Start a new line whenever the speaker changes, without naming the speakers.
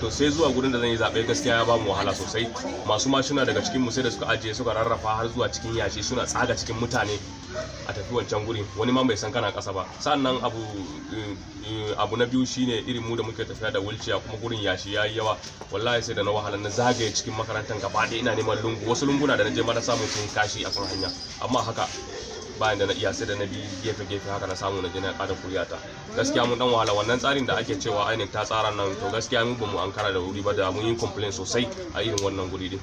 to sai zuwa gurin da zan yi zaɓe gaskiya ya ba mu wahala sosai masu mashina daga cikin mu sai da suka ajiye suka rarrafa har zuwa cikin yashi suna tsaga cikin mutane a tafi wancan gurin wani ma bai san kana ƙasa ba sannan abu eh, abu na biyu shine irin mu da muke tafiya da wulciya kuma gurin yashi yayi yawa wallahi sai da na wahala na zagaye cikin makarantar gaba ɗaya ina neman lungu wasu lunguna da na je ma na samu sun kashi a kan hanya amma haka bayan da na iya sai da na bi gefe gefe haka na samu na jina ƙarin kuriya ta gaskiya mun dan wahala wannan tsarin da ake cewa INEC ta tsara nan to gaskiya mu ba mu ankara da wuri ba da mun yi complain sosai a irin wannan guri din